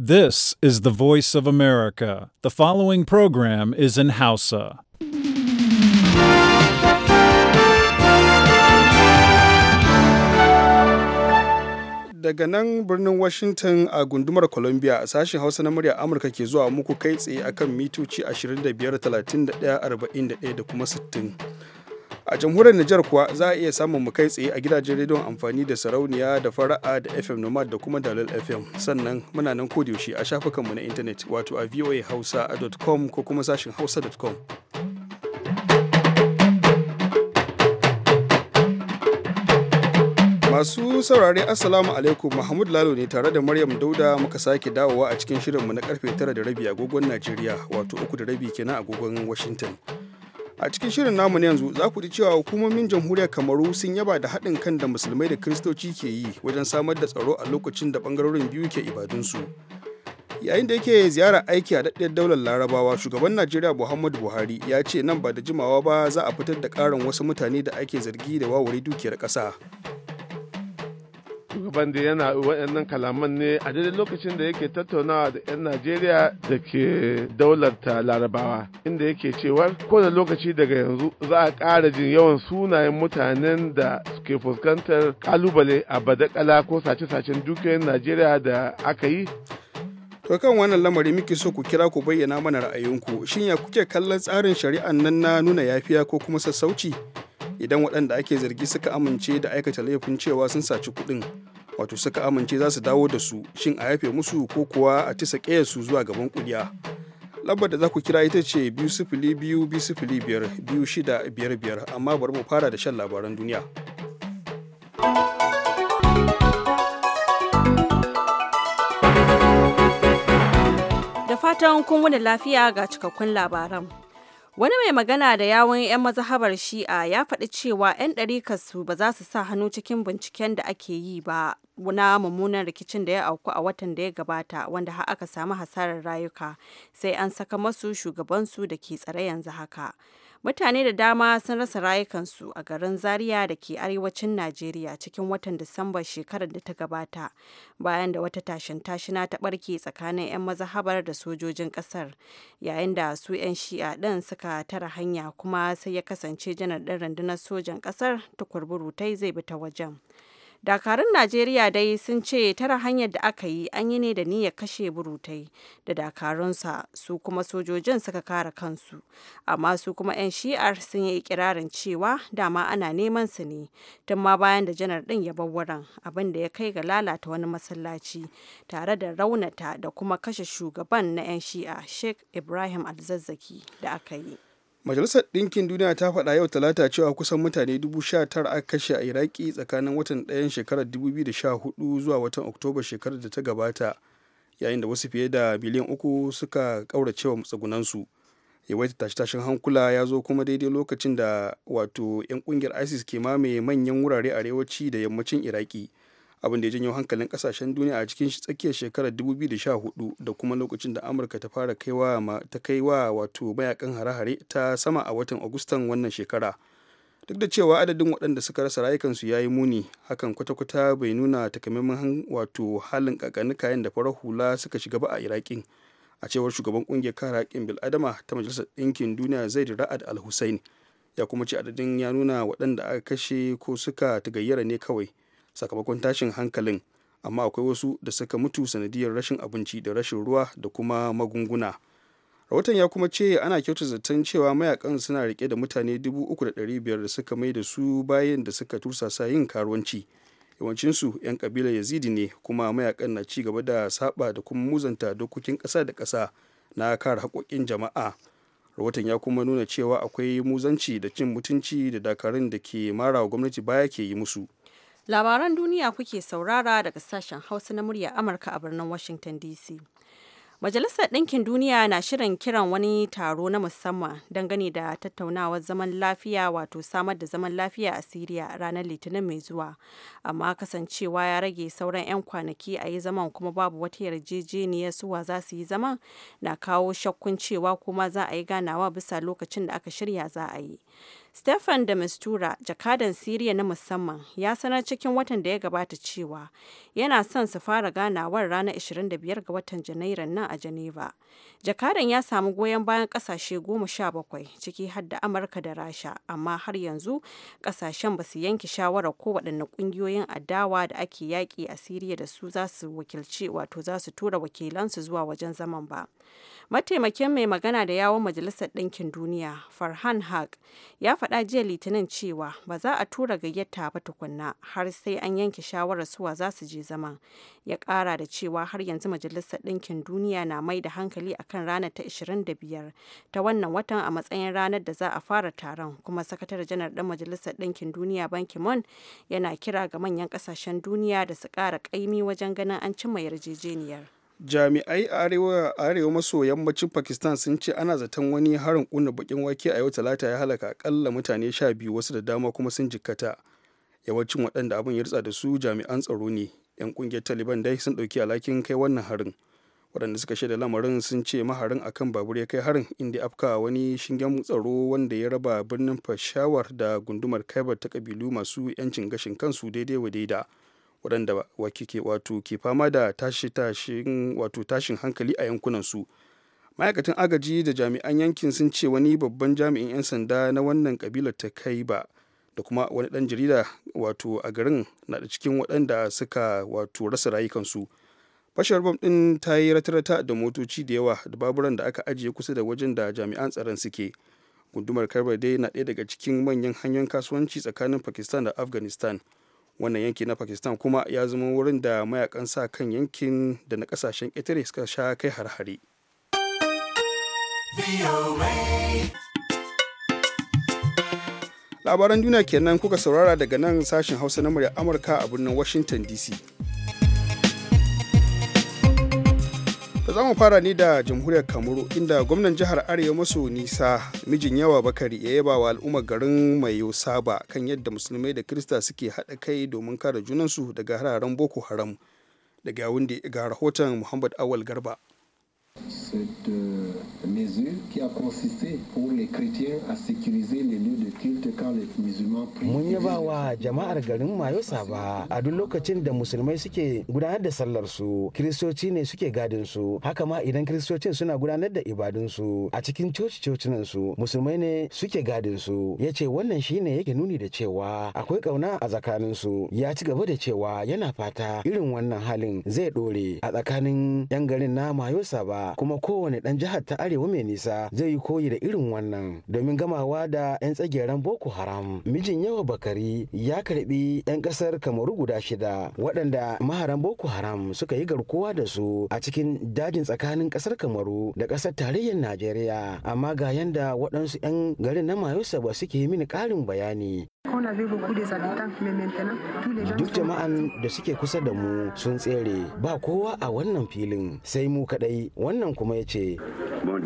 This is the voice of America. The following program is in Hausa. Daga nan birnin Washington a gundumar Columbia sashen Hausa na murya Amurka ke zuwa muku kai tsaye akan mitoci 25, 31, 41 da kuma 60. a jamhuriyar Nijar kuwa za a iya samun mu kai tsaye a gidajen rediyon amfani da sarauniya da fara'a da FM Nomad da kuma dalil FM sannan muna nan ko yaushe a shafukanmu na intanet wato a voahausa.com ko kuma sashin hausa.com. Masu saurare Assalamu alaikum Mahmud Lalo ne tare da Maryam Dauda muka sake dawowa a cikin shirinmu na karfe 9 da rabi agogon Najeriya wato uku da rabi kenan agogon Washington. a cikin shirin namu yanzu za ku ji cewa hukumomin jamhuriyar kamaru sun yaba da haɗin kan da musulmai da kiristoci ke yi wajen samar da tsaro a lokacin da ɓangarorin biyu ke ibadunsu yayin da yake ziyarar aiki a daɗiyar daular larabawa shugaban najeriya muhammadu buhari ya ce nan ba da jimawa ba za a fitar da ƙarin wasu mutane da ake zargi da wawuri dukiyar ƙasa bande yana waɗannan kalaman ne a daidai lokacin da yake tattaunawa da 'yan najeriya da ke daular larabawa inda yake cewar kowane lokaci daga yanzu za a ƙara jin yawan sunayen mutanen da suke fuskantar kalubale a badakala ko sace-sacen dukiyoyin najeriya da aka yi To kan wannan lamari muke so ku kira ku bayyana mana ra'ayinku. Shin ya kuke kallon tsarin shari'an nan na nuna yafiya ko kuma sassauci? Idan waɗanda ake zargi suka amince da aikata laifin cewa sun saci kuɗin. wato suka amince za su dawo da su shin a haife musu ko kuwa a tisa su zuwa gaban kuliya lambar da za ku kira ita ce biyu sifili biyu biyu sifili biyar biyu shida biyar biyar amma bari mu fara da shan labaran duniya da fatan kun wani lafiya ga cikakkun labaran Wani mai magana da yawon 'yan mazhabar Shi'a ya faɗi cewa 'yan ɗarikarsu ba za su sa hannu cikin binciken da ake yi ba na mummunan rikicin da ya auku a watan da ya gabata wanda har aka samu hasarar rayuka sai an saka masu shugabansu da ke tsare yanzu haka mutane da dama sun rasa rayukansu a garin zaria da ke arewacin najeriya cikin watan disamba shekarar da ta gabata bayan da wata tashin tashina ta barke tsakanin 'yan mazahabar da sojojin kasar yayin da su 'yan shi'a ɗin suka tara hanya kuma sai ya kasance janar ɗin rundunar sojan kasar tukurburutai zai bi ta wajen dakarun najeriya dai sun ce tara hanyar da aka yi an yi ne da niyyar kashe burutai da dakarunsa su kuma sojojin suka kara kansu amma su kuma 'yan shi'ar sun yi ikirarin cewa dama ana neman su ne tun ma bayan da janar din ya bar abin da ya kai ga lalata wani masallaci tare da raunata da kuma kashe shugaban na 'yan shi'a sheikh ibrahim alzazzaki da aka yi majalisar ɗinkin duniya ta faɗa yau talata cewa kusan mutane 19,000 aka kashe a iraki tsakanin watan ɗayan shekarar 2014 zuwa watan oktoba shekarar da ta gabata yayin da wasu fiye da miliyan uku suka ƙauracewa matsagunansu. yawaita tashe-tashen hankula ya zo kuma daidai lokacin da wato 'yan ƙungiyar isis ke mamaye manyan wurare arewaci da yammacin iraki abin da ya janyo hankalin kasashen duniya a cikin tsakiyar shekarar 2014 da kuma lokacin da amurka ta fara kaiwa kai wa wato mayakan hare-hare ta sama a watan agustan wannan shekara duk da cewa adadin waɗanda suka rasa rayukansu ya yi muni hakan kwata-kwata bai nuna takamaiman wato halin kayan da farar hula suka shiga ba a iraƙin a cewar shugaban ƙungiyar kare haƙƙin bil'adama ta majalisar ɗinkin duniya zaid ra'ad al-hussein ya kuma ce adadin ya nuna waɗanda aka kashe ko suka tagayyara ne kawai sakamakon tashin hankalin amma akwai wasu da suka mutu sanadiyar rashin abinci da rashin ruwa da kuma magunguna rahoton ya kuma ce ana kyauta zaton cewa mayakan suna rike da mutane 3,500 da suka mai da su bayan da suka tursasa yin karuwanci yawancinsu 'yan kabilar yazidi ne kuma mayakan na ci gaba da saba da kuma muzanta dokokin ƙasa da ƙasa na kare haƙoƙin jama'a rahoton ya kuma nuna cewa akwai muzanci da cin mutunci da dakarun da ke mara gwamnati baya ke yi musu Labaran duniya kuke saurara daga sashen Hausa na murya Amurka a birnin Washington DC. Majalisar Ɗinkin Duniya na shirin kiran wani taro na musamman dangane da tattaunawar zaman lafiya wato samar da zaman lafiya a Siriya ranar Litinin mai zuwa. Amma kasancewa ya rage sauran 'yan kwanaki a yi zaman kuma babu wata yarjejeniyar suwa za su yi zaman na kawo shakkun cewa kuma za a yi ganawa bisa lokacin da aka shirya za a yi. Stefan da Mistura, jakadan Siriya na musamman, ya sanar cikin watan da ya gabata cewa yana son su fara ganawar ranar 25 ga watan Janairun nan a Geneva. Jakadan ya samu goyon bayan kasashe 17 ciki har da Amurka da Rasha, amma har yanzu kasashen ba su yanke shawarar ko waɗanne ƙungiyoyin adawa da ake yaƙi a Siriya da su za su wakilci wato za su tura wakilansu zuwa wajen zaman ba. Mataimakin mai magana da yawon Majalisar Ɗinkin Duniya, Farhan Haq, ya faɗi faɗa jiya litinin cewa ba za a tura gayyata ba tukunna har sai an yanke shawarar suwa za su je zaman ya ƙara da cewa har yanzu majalisar ɗinkin duniya na mai da hankali akan ranar ta 25 ta wannan watan a matsayin ranar da za a fara taron kuma sakatare janar ɗan majalisar ɗinkin duniya ban kimon yana kira ga manyan ƙasashen duniya da su ƙara ƙaimi wajen ganin an cimma yarjejeniyar jami'ai a arewa maso yammacin pakistan sun ce ana zaton wani harin kuna bakin wake a yau talata ya halaka akalla mutane sha biyu wasu da dama kuma sun jikkata yawancin waɗanda abin ya ritsa da su jami'an tsaro ne yan kungiyar taliban dai sun ɗauki alhakin kai wannan harin waɗanda suka shaida lamarin sun ce maharin akan babur ya kai harin inda afka wani shingen tsaro wanda ya raba birnin fashawar da gundumar kaibar ta kabilu masu yancin gashin kansu daidai wa daida waɗanda wato ke fama da tashin hankali a yankunan su ma'aikatan agaji da jami'an yankin sun ce wani babban jami'in 'yan sanda na wannan kabilar ta kai ba da kuma wani ɗan jarida wato a garin na da cikin waɗanda suka wato rasa rayukansu fashar bom ɗin ta yi rata-rata da motoci da yawa da baburan da aka ajiye kusa da wajen da jami'an tsaron suke gundumar karbar dai na ɗaya daga cikin manyan hanyoyin kasuwanci tsakanin pakistan da afghanistan wannan yanki na pakistan kuma ya zama wurin da mayakan sa kan yankin da na kasashen ƙetare suka sha kai har-hare labaran duniya kenan kuka saurara daga nan sashen hausa na murya amurka a birnin washington dc za mu fara ni da jamhuriyar kamuru inda gwamnan jihar arewa maso nisa mijin yawa bakari ya yaba wa al'ummar garin mai saba kan yadda musulmai da kirista suke haɗa kai domin kare junansu daga hararen boko haram daga ga rahoton muhammad awal garba cette euh, mesure qui a consisté pour les chrétiens à sécuriser les lieux de culte quand les musulmans prient. Mun yaba wa jama'ar garin Mayo Saba a duk lokacin da musulmai suke gudanar da sallar su, kiristoci ne suke gadin su. Haka ma idan kiristocin suna gudanar da ibadun su a cikin coci cocinan su, musulmai ne suke gadin su. Yace wannan shine yake nuni da cewa akwai kauna a tsakanin su. Ya ci gaba da cewa yana fata irin wannan halin zai dore a tsakanin yan garin na Mayo Saba kuma kowane ɗan jihar ta arewa mai nisa zai yi koyi da irin wannan domin gamawa da 'yan tsageren boko haram mijin yawa bakari ya karbi 'yan ƙasar kamaru guda shida waɗanda maharan boko haram suka yi garkuwa da su a cikin dajin tsakanin ƙasar kamaru da ƙasar tarayyar najeriya amma ga yanda waɗansu 'yan garin na mayusa ba suke yi mini ƙarin bayani Duk jama'an da suke kusa da mu sun tsere ba kowa a wannan filin sai mu kadai wannan kuma ya ce. Mun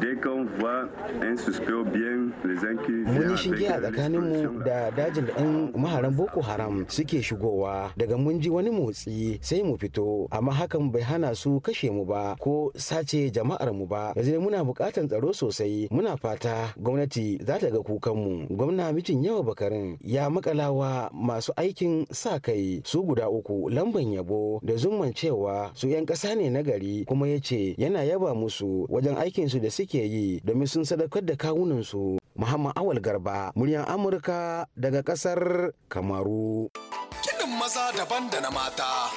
shige a tsakaninmu da dajin da 'yan maharan Boko Haram suke shigowa daga mun ji wani motsi sai mu fito amma hakan bai hana su kashe mu ba ko sace jama'ar mu ba. Yanzu muna bukatan tsaro sosai muna fata gwamnati za ta ga kukanmu. Gwamna mijin yawa bakarin ya makalawa masu aikin sa kai su guda uku lamban yabo da zumman cewa su 'yan ƙasa ne na gari kuma ya ce yana yaba musu wajen aikinsu da suke yi domin sun sadakar da kawunansu Muhammad Awal Garba, muryan Amurka daga ƙasar Kamaru. kinin maza daban da na mata.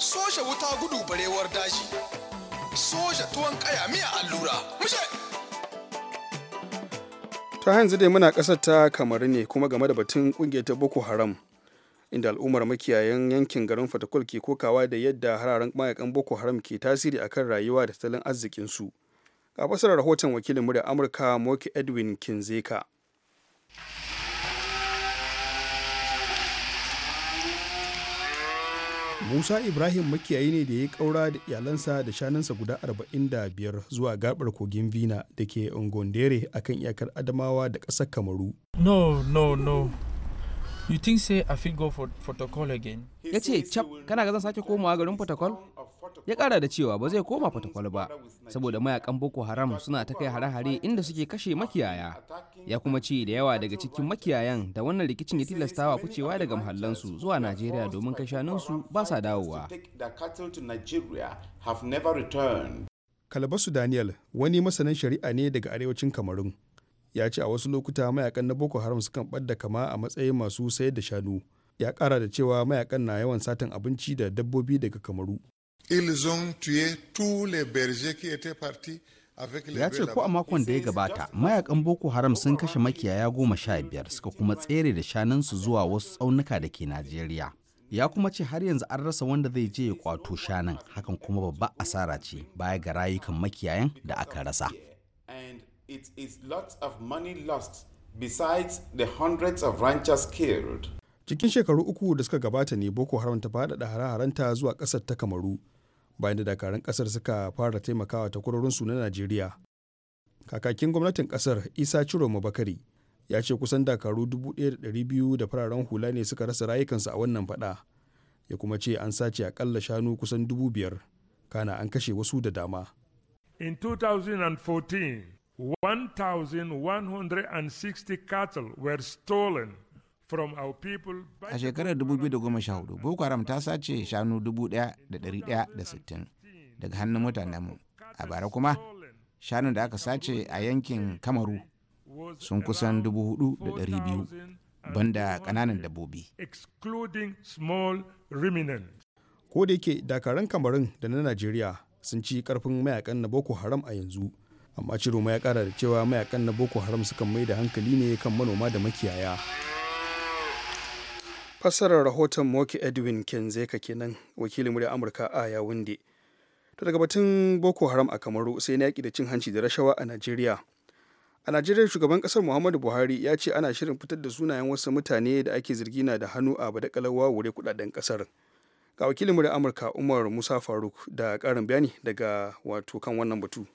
Soja wuta gudu barewar daji. Soja tuwon kaya miya allura. Mushe! ta yanzu dai muna ƙasar ta kamaru ne kuma game da batun ƙungiyar ta boko haram inda al'ummar makiyayan yankin garin fatakul ke kokawa da yadda hararen mayakan boko haram ke tasiri akan rayuwa da tattalin arzikinsu ga fasarar rahoton wakilin murya amurka moki edwin kinzeka Musa Ibrahim makiyayi ne da ya yi ƙaura da iyalansa da shanunsa guda 45 zuwa gabar kogin Vina da ke Ngondere akan iyakar Adamawa da ƙasar Kamaru. No, no, no. You think say I feel go for protocol again? Ya ce, cap, kana ga zan sake komawa garin protocol? Ya kara da cewa ba zai koma protocol ba, saboda mayakan Boko Haram suna ta kai hare-hare inda suke kashe makiyaya. Ya kuma ce da yawa daga cikin makiyayan da wannan rikicin ya tilastawa kucewa daga mahallansu zuwa Najeriya domin kai shanunsu ba sa dawowa. Kalabasu Daniel wani masanin shari'a ne daga arewacin Kamarun. ya ce a wasu lokuta mayakan na boko haram sukan ɓadda kama a matsayin masu sayar da shanu ya kara da cewa mayakan na yawan satan abinci da dabbobi daga kamaru ya ce ko a makon da ya gabata mayakan boko haram sun kashe makiyaya goma sha biyar suka kuma tsere da shanunsu zuwa wasu tsaunuka da ke najeriya ya kuma ce har yanzu an rasa wanda zai je ya kwato shanun hakan kuma babba asara ce baya ga rayukan makiyayan da aka rasa It is lots of money lost besides the hundreds of ranchers killed. Cikin shekaru uku da suka gabata ne Boko Haram ta faɗaɗa hare-harenta zuwa ƙasar ta Kamaru, bayan da dakarun ƙasar suka fara taimakawa ta su na Najeriya. Kakakin gwamnatin ƙasar Isa ciro mabakari ya ce kusan dakaru 1,200 da fararen hula ne suka rasa rayukansu a wannan faɗa, ya kuma ce an sace akalla shanu kusan 5,000, kana an kashe wasu da dama. In 2014, 1,160 cattle were stolen from our people. A shekarar 2014, Boko Haram ta sace shanu 1,160 daga hannun mutanenmu. A bara kuma, shanun da aka sace a yankin Kamaru sun kusan 4,200 banda kananan dabbobi. Excluding small remnants. Ko da yake dakarun Kamarun da na Najeriya sun ci karfin mayakan na Boko Haram a yanzu. amma ciroma ya kara da cewa mayakan na boko haram sukan mai da hankali ne kan manoma da makiyaya fassarar rahoton moki edwin kenzeka kenan wakilin muryar amurka a yawunde ta daga batun boko haram a kamaru sai na yaki da cin hanci da rashawa a najeriya a najeriya shugaban kasar muhammadu buhari ya ce ana shirin fitar da sunayen wasu mutane da ake zargi na da hannu a badakalar wawure kudaden ƙasar ga wakilin muryar amurka umar musa faruk da karin bayani daga wato kan wannan batu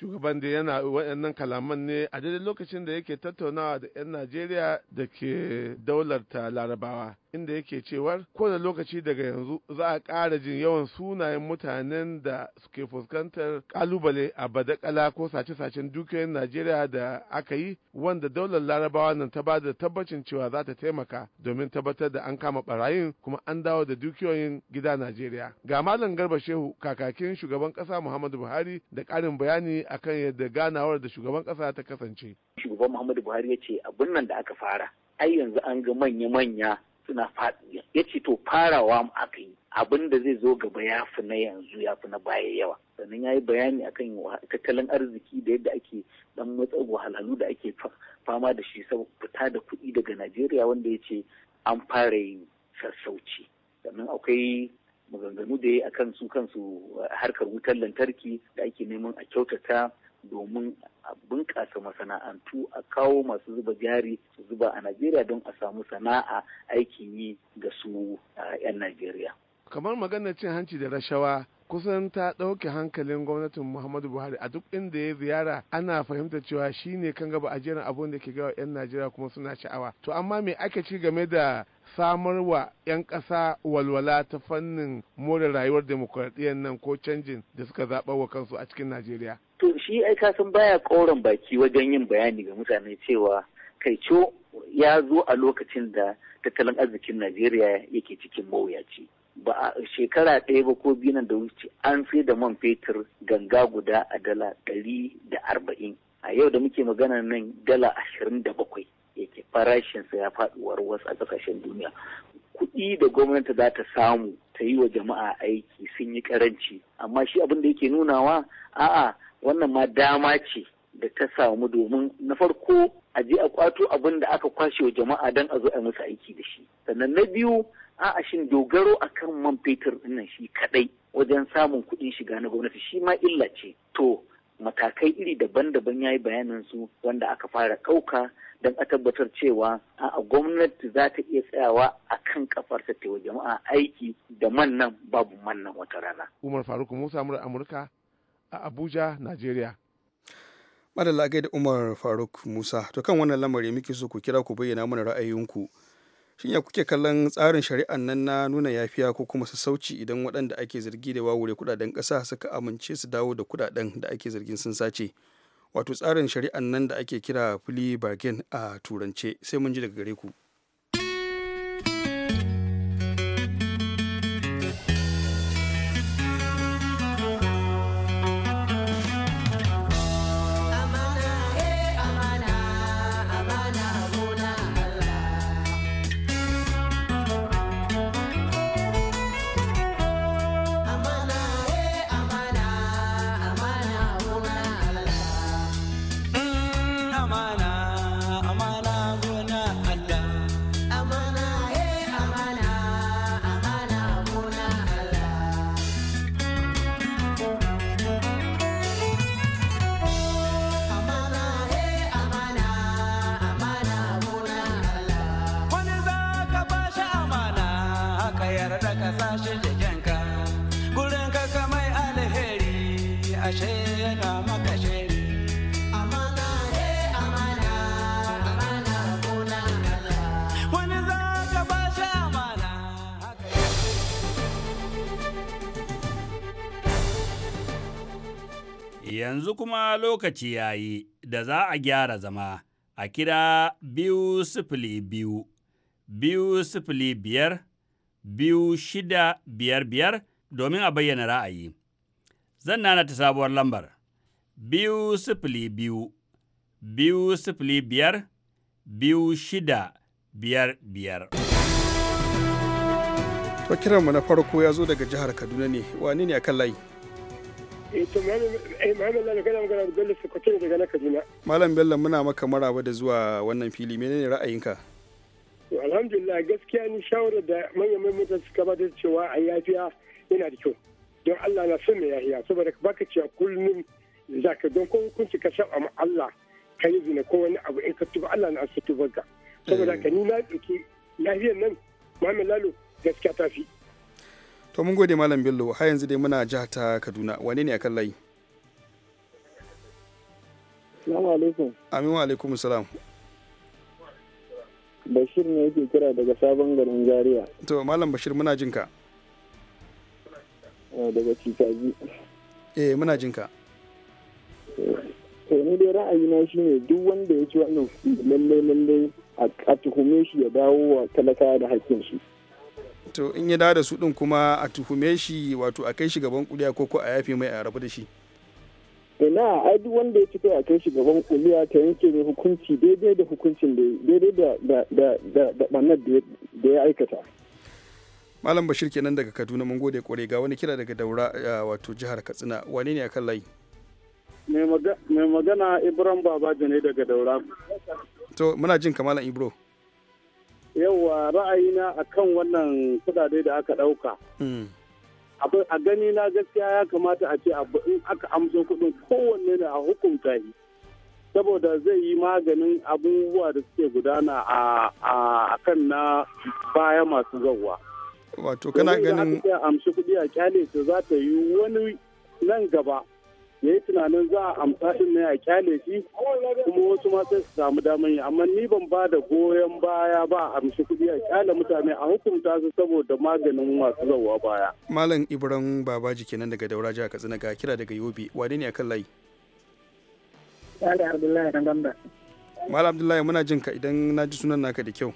shugaban da yana waɗannan kalaman ne a daidai lokacin da yake tattaunawa da 'yan najeriya da ke daular ta larabawa inda yake cewar kowane lokaci daga yanzu za a ƙara jin yawan sunayen mutanen da suke fuskantar kalubale a badakala ko sace-sacen dukiyoyin najeriya da aka yi wanda daular larabawa nan ta bada tabbacin cewa za ta taimaka domin tabbatar da an kama barayin kuma an dawo da dukiyoyin gida najeriya ga malam garba shehu kakakin shugaban ƙasa muhammadu buhari da ƙarin bayani akan yadda ganawar da shugaban kasa ta kasance shugaban muhammadu buhari ya ce abin nan da aka fara ai yanzu an ga manya-manya suna faɗi ya ce to farawa mu aka yi abin da zai zo gaba ya fi na yanzu ya fi na baya yawa sannan ya yi bayani akan tattalin arziki da yadda ake dan matsa wahalhalu da ake fama da shi saboda fita da kuɗi daga najeriya wanda ya ce an fara yin sassauci sannan akwai maganganu da ya akan su kansu harkar wutar lantarki da ake neman a kyautata domin a bunƙasa masana'antu a kawo masu zuba jari su zuba a Najeriya don a samu sana'a aikin yi ga su 'yan Najeriya. Kamar maganar cin hanci da rashawa kusan ta ɗauke hankalin gwamnatin Muhammadu Buhari a duk inda ya ziyara ana fahimta cewa shi ne kan gaba ajiyar abin da ke gawa 'yan Najeriya kuma suna sha'awa. To amma me ake ci game da samar wa 'yan ƙasa walwala ta fannin more rayuwar demokuraɗiyyar nan ko canjin da suka zaɓa wa kansu a cikin Najeriya? to shi ai kasan baya ƙoran baki wajen yin bayani ga mutane cewa kai co ya zo a lokacin da tattalin arzikin najeriya yake cikin mawuyaci ba a shekara ɗaya ba ko biyu nan da wuce an sai da man fetur ganga guda a dala ɗari da arba'in a yau da muke magana nan dala ashirin da bakwai yake farashinsa ya faɗi warwas a ƙasashen duniya kuɗi da gwamnati za ta samu ta yi wa jama'a aiki sun yi ƙaranci amma shi abin da yake nunawa a'a wannan ma dama ce da ta samu domin na farko a je a kwato abin da aka kwashe wa jama'a don a zo a musu aiki da shi sannan na biyu a'a shin dogaro a kan man fetur dinnan shi kadai wajen samun kuɗin shiga na gwamnati shi ma illa ce to matakai iri daban-daban ya yi bayanin su wanda aka fara ƙauka don a tabbatar cewa a gwamnati za ta iya tsayawa a kan kafarsa ta jama'a aiki da man nan babu man nan wata rana. Umar Faruk Musa Amurka a Abuja, Najeriya. Madalla da Umar Faruk Musa, to kan wannan lamari muke so ku kira ku bayyana mana ra'ayinku. Shin ya kuke kallon tsarin shari'an nan na nuna yafiya ko kuma sassauci idan waɗanda ake zargi da wawure kudaden ƙasa suka amince su dawo da kudaden da ake zargin sun sace. Wato tsarin shari'an nan da ake kira fili bargain a turance sai mun ji daga gare ku. Yanzu kuma lokaci ya yi da za a gyara zama a kira biyu sifili biyu, biyu sifili biyar, biyu shida biyar biyar domin a bayyana ra'ayi. Zan nana ta sabuwar lambar, biyu sifili biyu, biyu sifili biyar, biyu shida biyar biyar. To kiranmu na farko ya zo daga jihar Kaduna ne, wani ne a kan layi? Malam Bello muna maka maraba da zuwa wannan fili menene ra'ayinka? Alhamdulillah gaskiya ni shawarar da manyan mutane suka ba da cewa a yafiya yana da kyau. Don Allah na son mai yahiya saboda baka cewa kullum za ka don kun kunci ka sha amma Allah ka yi zina ko wani abu in ka tuba Allah na asutu barka. Saboda eh. ka ni na ɗauki lahiyar nan Muhammad Lalo gaskiya ta fi. to mun gode malam bello har yanzu dai muna jiha ta kaduna wane ne akan layi Amin wa alaikum salam. Bashir ne yake kira daga sabon garin Zaria. To Malam Bashir muna jin ka. Eh, daga Cikaji. Eh muna jin ka. Eh, ni dai ra'ayi na shi ne duk wanda ya ci wannan lalle lalle a tuhume shi ya dawo wa talaka da hakkin shi. to in ya dawo da su din kuma a tuhume shi wato a kai shi gaban kuliya ko ko a yafe mai a rabu da shi ina ai duk wanda ya ci kai a kai shi gaban kuliya ta yanke mai hukunci daidai da hukuncin daidai da da da da da da ya aikata malam bashir kenan daga kaduna mun gode kore ga wani kira daga daura wato jihar katsina wane ne akan layi mai magana ibrahim babaji ne daga daura to muna jin kamalan ibro yawa ra'ayina a kan wannan kudade da aka ɗauka. Hmm. A gani na gaskiya ya kamata a ce abu in aka amso kudin kowanne da a hukunta shi. Saboda zai yi maganin abubuwa da suke gudana a kan na baya masu zauwa. Wato kana ganin. amshi kudi a kyale su za ta yi wani nan gaba ya yi tunanin za a amsa din ne a kyale shi kuma wasu ma sai su samu damar yi amma ni ban ba da goyon baya ba a amshi kuɗi a kyale mutane a hukunta su saboda maganin masu zauwa baya. Malam Ibrahim Babaji kenan daga Daura Jihar Katsina ga kira daga Yobe wane ne akan layi? Yale Abdullahi na Gamba. Malam Abdullahi muna jin ka idan na ji sunan naka da kyau.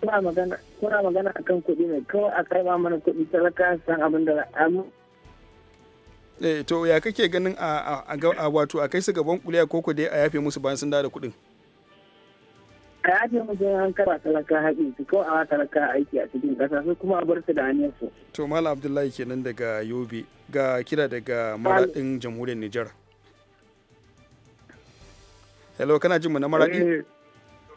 Kuna magana kuna magana akan kuɗi ne kawai a karɓa mana kuɗi talaka san abin da amma Eh, to ya kake ganin a wato a kai su gaban kuliya koko dai a yafe musu bayan sun da kuɗin ka yafe musu an kara talaka haƙi su ko a talaka aiki a cikin ƙasa su kuma a bar su da aniyar su to malam abdullahi kenan daga yobe ga kira daga maraɗin jamhuriyar nijar hello kana jin mu na maradi eh,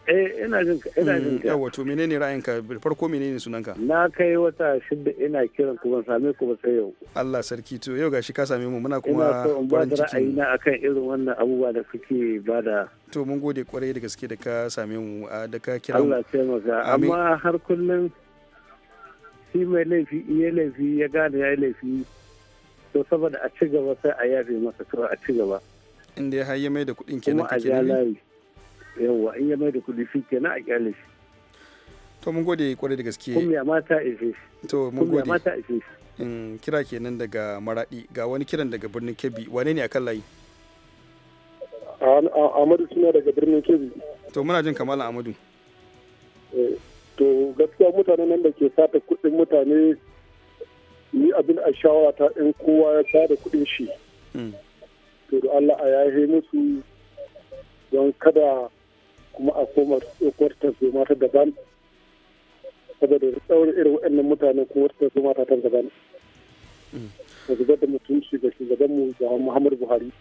eh ina jin ka ina jin mm, ka yawa to menene ra'ayinka farko menene sunanka na kai wata shida ina kiran ku ban same ku ba sai yau Allah sarki to yau gashi ka same mu muna kuma farin ciki ina akan irin wannan abubuwa da kuke bada to mun gode kwarai da gaske da ka same mu da ka kira Allah sai taimaka amma har kullun shi mai laifi iya laifi ya gane ya laifi to saboda a ci gaba sai a yafe masa to a ci gaba inda ya hayye mai da kuɗin kenan kake ne yawwa in ya mai da kuɗi shi kenan a kyale shi to mun gode kwarai da gaske ya mata ife to mun gode mata ishe in mm, kira kenan daga maradi ga wani kiran daga birnin kebbi wane ne akan layi amadu ah, suna daga birnin kebbi to muna jin kamala amadu eh, to gaskiya mutane nan da ke sata kuɗin mutane ni abin a shawara ta in kowa ya sada kuɗin shi mm. to da Allah a yahe musu don kada kuma a koma wata zoma ta daban saboda da tsawon irin wa'annan mutane ko wata zoma ta daban da hmm. zubar da mutunci ga mu da muhammadu buhari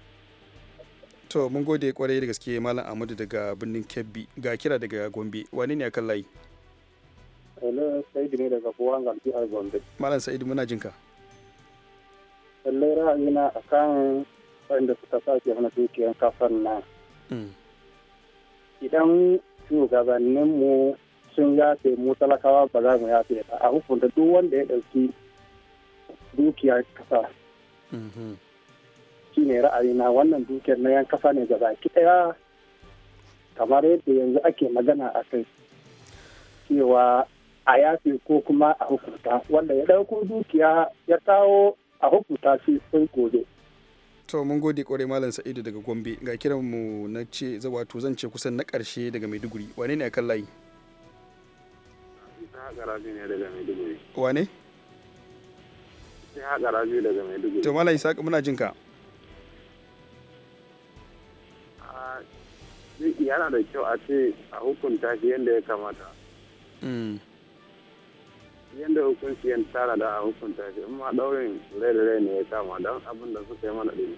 to mun gode kwarai da gaske malam amadu daga birnin kebbi ga kira daga gombe wani ne kan layi Hello, Sa'idu ne daga Kowa ga jihar Gombe. Malam Sa'idu muna jinka. Lallai ra'ayina a kan da suka sa ke hana dukiyar kafar na hmm. idan shugabanninmu sun yafe mu talakawa ba za mu yafe ba a hukunta duk wanda ya ɗauki dukiyar kasa mhm. shi ne ra'ayina wannan dukiyar na yan kasa ne gaba ki ɗaya kamar yadda yanzu ake magana a kai cewa a yafe ko kuma a hukunta wanda ya ɗauko dukiya ya kawo a hukunta shi sai gobe to mun gode kore malam sa'idu daga gombe ga kiran mu na ce wato zan ce kusan na karshe daga maiduguri wane ne a kan layi wane to malam isa muna jin ka yana da kyau a ce a hukunta shi yadda ya kamata mm. yadda hukunci yan tara da a hukunta shi in ma daurin rai rai ne ya kama don abin da suka yi mana ɗin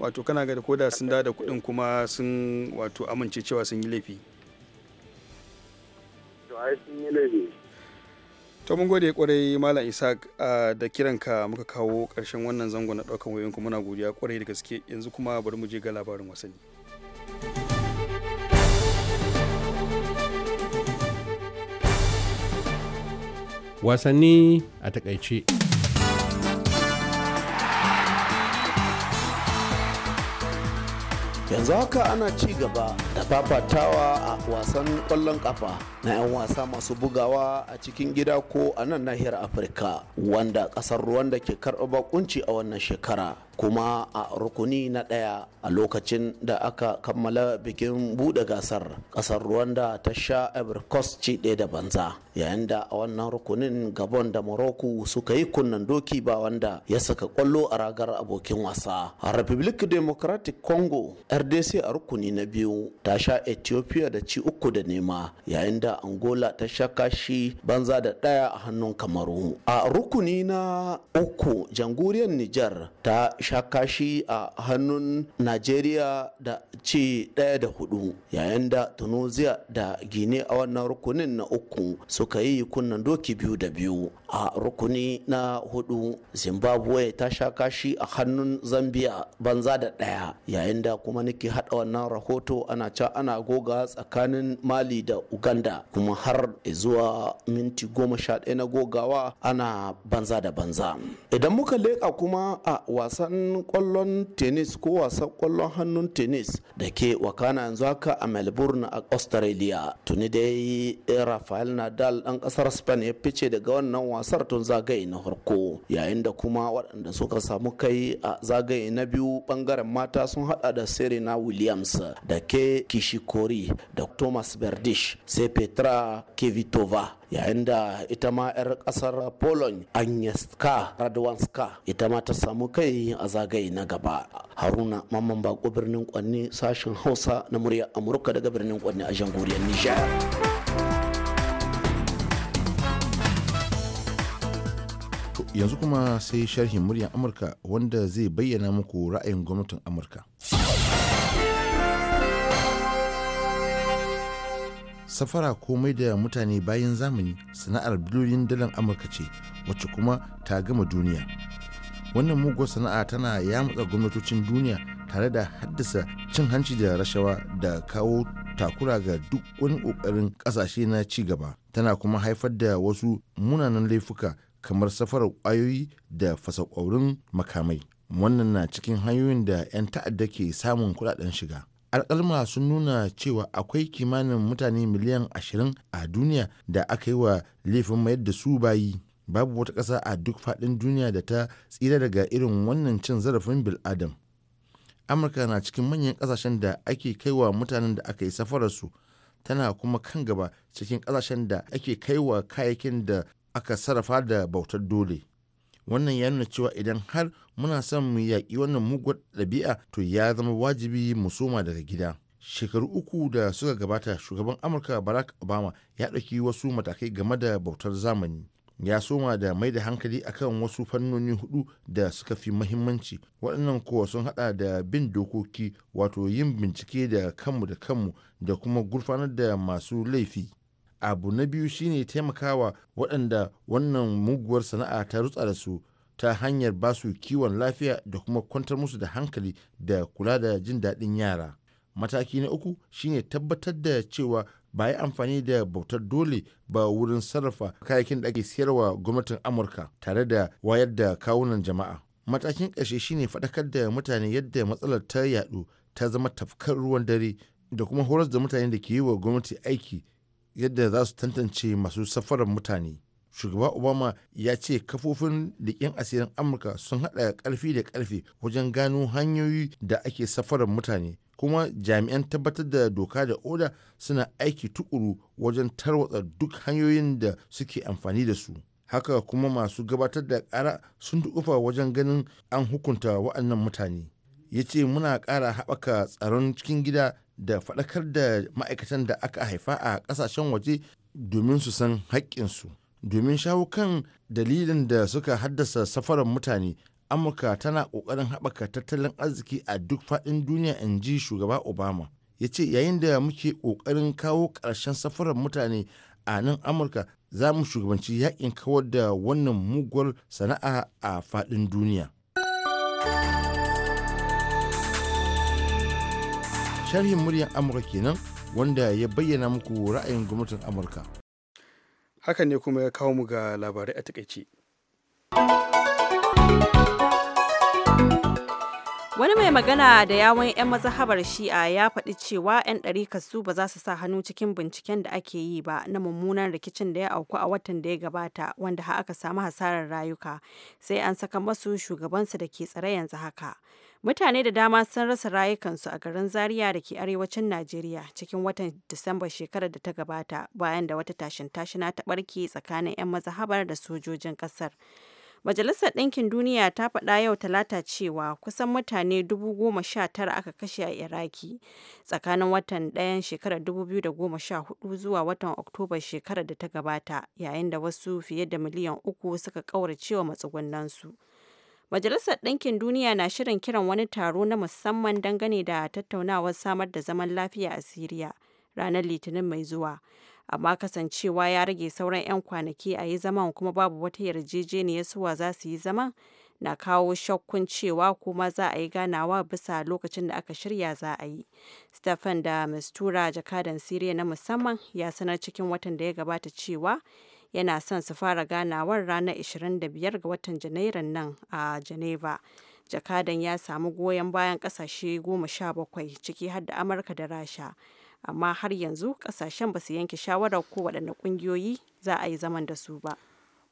wato kana ga da sun da kuɗin kuma sun wato amince cewa sun yi laifi to ai sun yi laifi to mun gode kwarai malam isaac da kiranka muka kawo ƙarshen wannan zango na wayoyin kuma muna godiya kwarai da gaske yanzu kuma bari mu je ga labarin wasanni wasanni a takaice. yanzu haka ana ci gaba da fafatawa a wasan kwallon kafa na 'yan wasa masu bugawa a cikin gida ko a nan nahiyar afirka wanda kasar ruwan da ke karɓa bakunci a wannan shekara kuma a rukuni na ɗaya a lokacin da aka kammala bikin buɗe gasar ƙasar rwanda ta sha abrikos ci ɗaya da banza yayin da a wannan rukunin gabon da morocco suka yi kunnan doki ba wanda ya saka kwallo a ragar abokin wasa a republic democratic congo rdc a rukuni na biyu ta sha ethiopia da ci uku da nema yayin da angola ta sha kashi banza da ɗaya a hannun kamaru a rukuni na uku jamhuriyar Nijar ta Shakashi a hannun najeriya da ci ɗaya da hudu yayin da tunisia da gine a wannan rukunin na uku suka yi kunnan doki biyu da biyu a rukuni na hudu zimbabwe ta shakashi a hannun zambia banza da ɗaya yayin da kuma niki haɗa wannan rahoto ana ca ana goga tsakanin mali da uganda kuma har zuwa minti goma sha ɗaya na gogawa ana banza da banza idan muka leƙa kuma a wasan wasan kwallon tennis ko wasan kwallon hannun tennis da ke wakana yanzu haka a melbourne a australia tuni dai eh, rafael nadal dan kasar spain ya fice daga wannan wasar tun zagaye na farko yayin da kuma waɗanda suka samu kai a zagaye na biyu bangaren mata sun hada da serena williams da ke kishikori da thomas berdish sai petra kevitova yayin da ita ma 'yar kasar poland anyeska radwanska ita ma ta samu kai a zagaye na gaba haruna mamman bako birnin kwanni sashen hausa na murya amurka daga birnin kwanni a jamhuriyar nijar yanzu kuma sai sharhin muryar amurka wanda zai bayyana muku ra'ayin gwamnatin amurka safara komai da mutane bayan zamani sana'ar biliyoyin dalar amurka ce wacce kuma ta gama duniya wannan muguwar sana'a tana matsa gwamnatocin duniya tare da haddasa cin hanci da rashawa da kawo takura ga duk wani kokarin kasashe na ci gaba tana kuma haifar da wasu munanan laifuka kamar safarar kwayoyi da fasakwaurin makamai wannan na cikin hanyoyin da 'yan ta'adda ke samun kudaden shiga alƙalma sun nuna cewa akwai kimanin mutane miliyan ashirin a duniya da aka yi wa laifin mayar da su bayi babu wata ƙasa a duk faɗin duniya da ta tsira daga irin wannan cin zarafin bil'adam amurka na cikin manyan ƙasashen da ake wa mutanen da aka yi safararsu tana kuma kan gaba cikin ƙasashen da ake wa kayayyakin da aka sarrafa da bautar dole wannan ya nuna cewa idan har muna son mu yaƙi wannan mugun ɗabi'a to ya zama wajibi mu soma daga gida shekaru uku da suka gabata shugaban amurka barack obama ya ɗauki wasu matakai game da bautar zamani ya soma da mai da hankali akan wasu fannoni hudu da suka fi mahimmanci waɗannan kowa sun hada da bin dokoki wato yin bincike da kanmu da kanmu da kuma gurfanar da masu laifi abu na biyu shine taimakawa waɗanda wannan muguwar sana'a ta rutsa da su ta hanyar ba su kiwon lafiya da kuma kwantar musu da hankali da kula da jin daɗin yara mataki na uku shine tabbatar da cewa ba yi amfani da bautar dole ba wurin sarrafa kayakin da ake siyarwa gwamnatin amurka tare da wayar da kawunan jama'a matakin ƙarshe shine faɗakar da mutane yadda matsalar ta yaɗu ta zama tafkar ruwan dare da kuma horas da mutane da ke yi wa gwamnati aiki yadda za su tantance masu safarar mutane shugaba obama ya ce kafofin liƙin asirin amurka sun hada ƙarfi da karfe wajen gano hanyoyi da ake safarar mutane kuma jami'an tabbatar da doka da oda suna aiki tukuru wajen tarwatsa duk hanyoyin da suke amfani da su haka kuma masu gabatar da kara sun tukufa wajen ganin an hukunta wa'annan mutane ya ce muna kara haɓaka tsaron cikin gida da faɗakar da ma'aikatan da aka haifa a ƙasashen waje domin su san haƙƙinsu domin shawo kan dalilin da suka haddasa safarar mutane amurka tana ƙoƙarin haɓaka tattalin arziki a duk faɗin duniya in ji shugaba obama ya ce yayin da muke ƙoƙarin kawo ƙarshen safarar mutane a nan amurka za mu shugabanci yaƙin kawar da wannan muguwar sana'a a faɗin duniya. sharhin muryar amurka kenan wanda ya bayyana muku ra'ayin gwamnatin amurka hakan ne kuma ya kawo mu ga labarai a takaice wani mai magana da yawon 'yan mazahabar shi'a ya faɗi cewa 'yan ɗari su ba za su sa hannu cikin binciken da ake yi ba na mummunan rikicin da ya auku a watan da ya gabata wanda aka samu hasarar rayuka sai an saka masu shugabansu da ke tsare yanzu haka Mutane da dama sun rasa rayukansu a garin Zaria da ke arewacin Najeriya cikin watan Disamba shekarar da ta gabata bayan da wata tashin tashina ta barke tsakanin 'yan mazahabar da sojojin kasar. Majalisar Ɗinkin Duniya ta faɗa yau Talata cewa kusan mutane dubu sha tara aka kashe a Iraki tsakanin watan ɗayan shekarar dubu da goma sha hudu zuwa watan Oktoba shekarar da ta gabata yayin da wasu fiye da miliyan uku suka ƙauracewa matsugunansu. Majalisar Ɗinkin Duniya na shirin kiran wani taro na musamman dangane da tattaunawar samar da zaman lafiya a Siriya ranar Litinin mai zuwa. Amma kasancewa ya rage sauran 'yan kwanaki a yi zaman kuma babu wata yarjejeniyar suwa za su yi zaman na kawo shakkun cewa kuma za a yi ganawa bisa lokacin da aka shirya za a yi. Stefan da Mistura jakadan Siriya na musamman ya sanar cikin watan da ya gabata cewa yana son su fara ganawar ranar 25 ga watan janairun nan a geneva jakadan ya samu goyon bayan kasashe 17 ciki har da amurka da rasha amma har yanzu kasashen ba su yanke shawarar ko waɗanne ƙungiyoyi za a yi zaman da su ba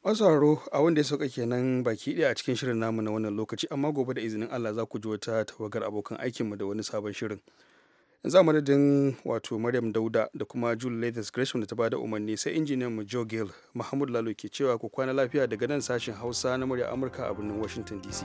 masararo a wanda ya sauka kenan baki ɗaya a cikin shirin namu na wannan lokaci amma gobe da izinin allah za ku ji wata tawagar abokan aikinmu da wani sabon shirin za a madadin wato maryam dauda da kuma jule latest gresham da ta ba da umarni sai injiniyan mu joe gill mahmud lalo ke cewa ku kwana lafiya daga nan sashen hausa na murya amurka a birnin washington dc